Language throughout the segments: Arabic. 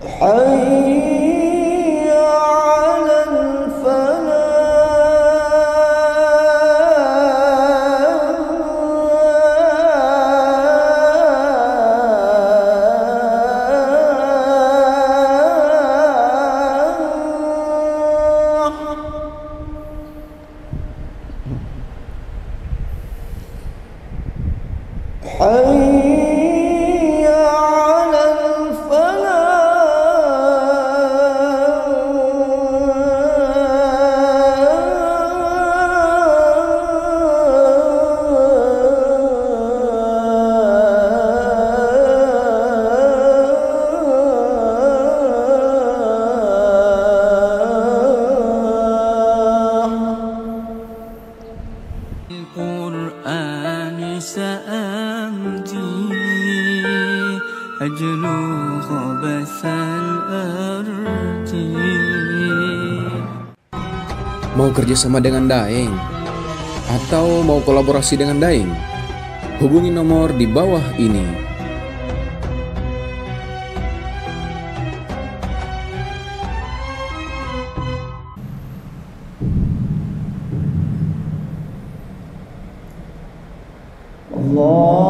حي Mau kerja sama dengan Daeng? Atau mau kolaborasi dengan Daeng? Hubungi nomor di bawah ini. Allah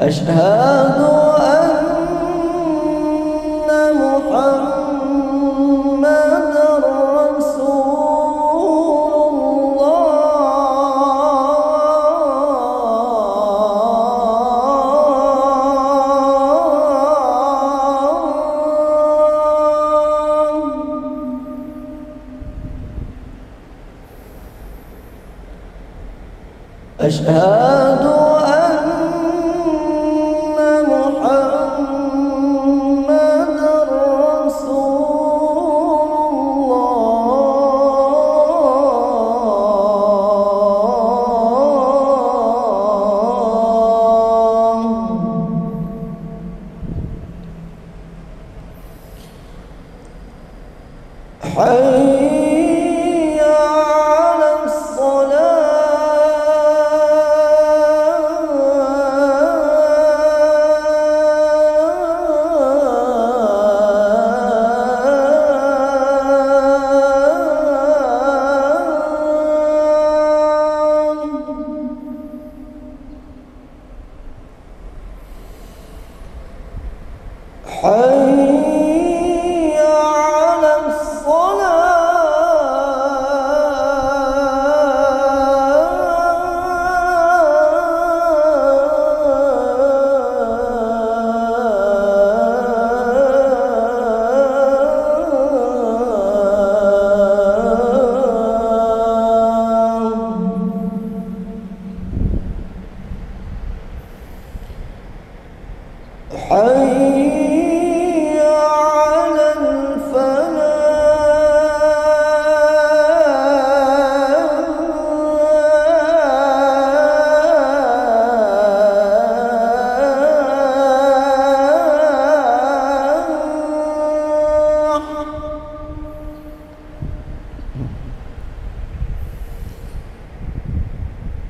أشهد أن محمد رسول الله أشهد حي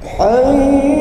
حي